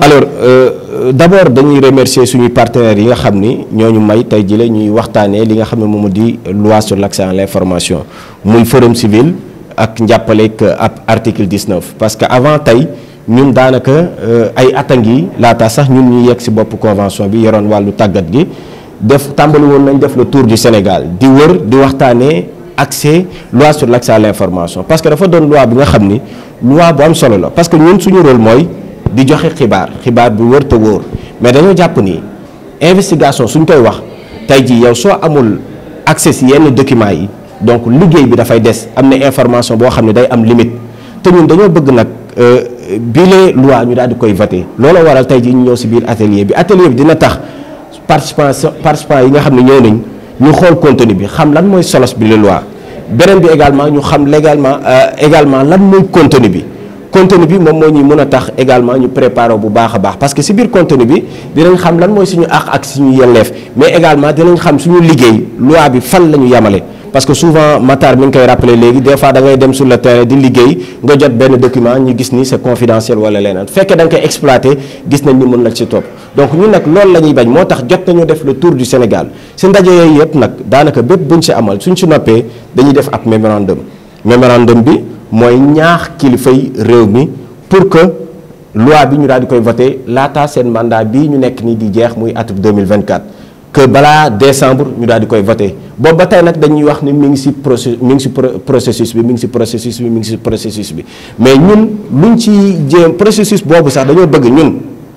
alors euh, d'abord dañuy remercier suñuy partenaires yi nga xam ni ñoo ñu may tey jile ñuy waxtaane li nga xam ne moom a di loi sur l'accès à l'information muy forum civil ak njàppaleeg ab article 19 parce que avant tey ñun daanaka euh, ay attangi laata sax ñun ñu yekk ci bopp convention bi yoroon wàllu tàggat gi def tàmbali woon nañ def le tour du Sénégal di wër di waxtaanee accès loi sur l'accès à l'information parce que dafa doon loi bi nga xam ni loi bu am solo la parce que ñun suñu rôle mooy di joxe xibaar xibaar bu wër te wóor mais dañoo jàpp ni investigation suñ koy wax tey jii yow soo amul accès si yenn documents yi donc liggéey bi dafay des am na information boo xam ne day am limite te ñun dañoo bëgg nag euh, bile loi ñu daal di koy voté looloo waral tey jii ñu ñëw si biir atelier bi atelier bi dina tax participants participants yi nga xam ne ñoo nañ ñu xool contenu bi xam lan mooy solos bi la loi. beneen bi également ñu xam légalement euh, également lan mooy contenu bi contenu bi moom moo ñuy mën a tax également ñu préparé bu baax a baax parce que si biir contenu bi dinañ xam lan mooy suñu àq ak suñu yelleef mais également dinañ xam suñu liggéey loi bi fan la ñu yemale parce que souvent Matar mi ngi koy rappelé léegi des fois da ngay dem sur le terrain di liggéey nga jot benn document ñu gis ni c'est confidentiel wala leneen fekkee da nga koy exploité gis nañ ni mën na ci topp donc ñun nag loolu lañuy bañ moo tax jot nañu def le tour du Sénégal si ndaje yooyu yëpp nag daanaka bépp buñ si amal suñ si noppee dañuy def ab mémorandum mémorandum bi mooy ñaax kilifay réew mi pour que loi bi ñu daal di koy voté laata seen mandat bii ñu nii di jeex muy atub 2024 que balaa décembre ñu daal di koy voté boobu ba tey nag dañuy wax ni mu ngi si proce mi ngi si processus bi mi ngi si processus bi mi ngi si processus bi mais ñun ñu ci jéem processus boobu sax dañoo bëgg ñun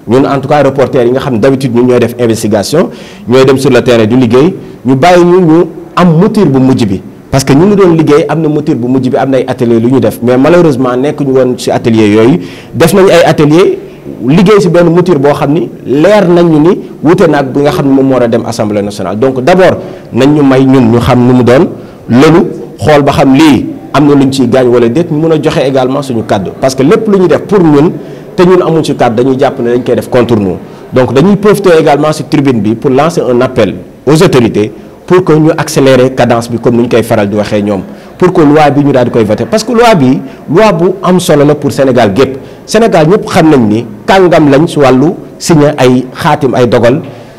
ñun en tout cas reporter yi nga xam ne d'habitude ñun ñooy def investigation ñooy dem sur le terrain du liggéey ñu bàyyi ñu ñu am mouture bu mujj bi parce que ñu ngi doon liggéey am na mouture bu mujj bi am na ay atelier lu ñu def mais malheureusement nekk ñu woon ci atelier yooyu def nañu ay atelier liggéey si benn mouture boo xam ni leer nañ ñu ni wute na ak bi nga xam ne moom moo a dem assemblée nationale donc d' abord ñu may ñun ñu xam nu mu doon loolu xool ba xam lii am na lu ñu ciy gaañ wala déet ñu mën a joxe également suñu kàddu parce que lépp lu ñu def pour ñun te ñun amuñ ci kàddu dañuy ne dañ koy def contre nous dañuy profiter également si bi pour lancer un appel aux autorités pour que ñu accélérer cadence bi comme ni ñu koy faral di waxee ñoom pour que loi bi ñu daal di koy voter parce que loi bi loi bu am solo la pour Sénégal gépp Sénégal ñëpp xam nañ ni. kàngam lañ si wàllu signé ay xaatim ay dogal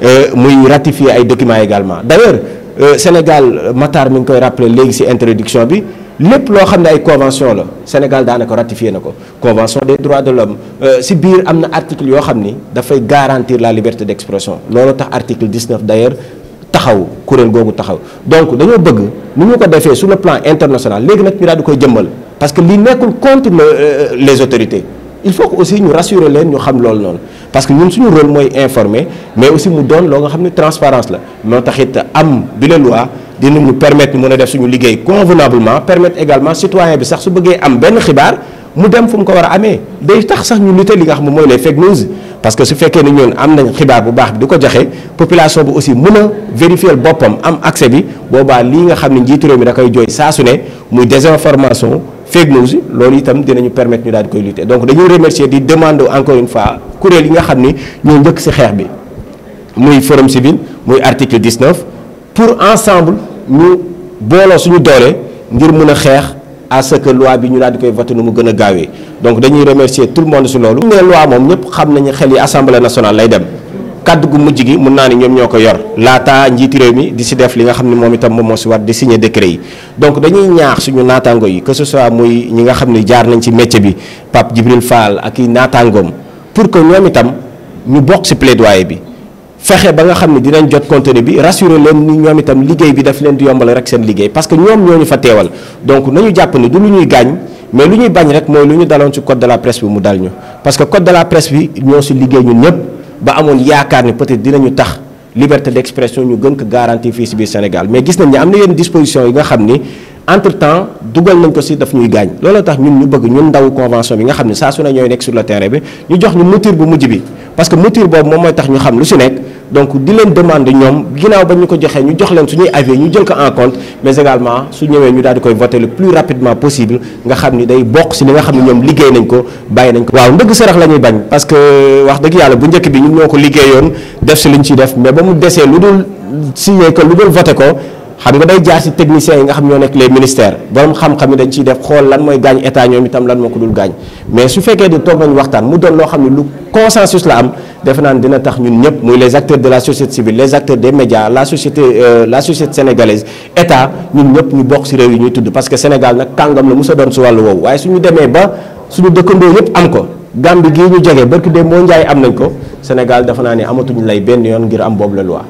euh, muy ratifier ay documents également d'ailleurs euh, Sénégal Matar mi ngi koy rappelé léegi si introduction bi lépp loo xam ne ay convention la Sénégal daanaka ratifié na ko convention des droits de l'homme si euh, biir am na article yoo xam ni dafay garantir la liberté d'expression loolu tax dix 19 d'ailleurs taxaw kuréel googu taxaw donc dañoo bëgg ni ñu ko defee su le plan international léegi nag ñu daal di koy jëmmal parce que li nekkul contre les autorités il faut que aussi ñu rassurer leen ñu xam loolu noonu parce que ñun suñu rôle mooy informer mais aussi mu doon loo nga xam ne transparence la moo taxit am bi la loi dina ñu permettre ñu mën a def suñu liggéey convenablement permettre également citoyen bi sax su bëggee am benn xibaar mu dem fu mu ko war a amee day tax sax ñu lutter li nga xam ne mooy les fake news parce que su fekkee ne ñoon am nañ xibaar bu baax bi di ko joxe population bi aussi mën a vérifier boppam am accès bi boobaa lii nga xam ne njiitu réew mi da koy jooy saa su ne muy désinformation fake news yi loolu itam dinañu permettre ñu daal di koy lutter donc dañuy remercier di demander encore une fois kuréel yi nga xam ni ñoo njëkk ci xeex bi muy forum civil muy article 19 pour ensemble ñu booloo suñu doole ngir mun a xeex à ce ñu daal di koy voté gën a gaawee donc dañuy remercier tout le monde ci loolu. ne loi moom ñëpp xam nañu xel yi assemblée nationale lay dem. kàddu gu mujj gi mun naa ne ñoom ñoo ko yor laata njiiti réew mi di si def li nga xam ne moom itam moom moo si war di signer décret yi donc dañuy ñaax suñu naataango yi que ce soit muy ñi nga xam ne jaar nañ ci métier bi Pape Djibril Fall ak i naataangoom pour que ñoom itam ñu bokk si plaidoyer bi fexe ba nga xam ne dinañ jot contenu bi rassurer leen ñoom itam liggéey bi daf leen di yombal rek seen liggéey parce que ñoom ñoo ñu fa teewal donc nañu jàpp ni du lu ñuy gaañ mais lu ñuy bañ rek daloon ci code la presse bi mu dal ñu parce ba amoon yaakaar ne peut-être dinañu tax liberté d'expression ñu gën ko garantie fii si biir Sénégal mais gis nañ ne am na yenn dispositions yi nga xam ni entre temps dugal nañ ko si daf ñuy gaañ looloo tax ñun ñu bëgg ñun ndaw convention bi nga xam ne saa su ne nekk sur le terrain bi ñu jox ñu mouture bu mujj bi parce que mouture boobu moom mooy tax ñu xam lu si nekk. donc di leen demande ñoom ginnaaw ba ñu ko joxee ñu jox leen suñuy avis ñu jël ko en compte mais également su ñëwee ñu daal di koy voter le plus rapidement possible nga xam ni day bokk si li nga xam ne ñoom liggéey nañ ko bàyyi nañ ko. waaw ndëgg sarax la ñuy bañ parce que wax dëgg yàlla bu njëkk bi ñun ñoo ko liggéeyoon def si liñ ciy def mais ba mu desee lu dul signé ko lu dul voter ko. xam nga day jaar ci techniciens yi nga xam ne nekk les ministères borom xam-xam yi dañ ciy def xool lan mooy gaañ état ñoom itam lan moo ko dul gaañ mais su fekkee waxtaan mu doon loo xam ne lu consensus la am defe naan dina tax ñun ñëpp muy les acteurs de la société civile les acteurs des médias la société euh, la société sénégalaise état ñun ñëpp ñu bokk ci réew yi ñuy tudd parce que Sénégal nag kàngam la mos a doon ci wàllu woowu waaye suñu demee ba suñu dëkkandoo yëpp am ko Gambie gii ñu jege barki de moo njaay am nañ ko Sénégal dafa naa ni amatuñu lay benn yoon ngir am boobu la loi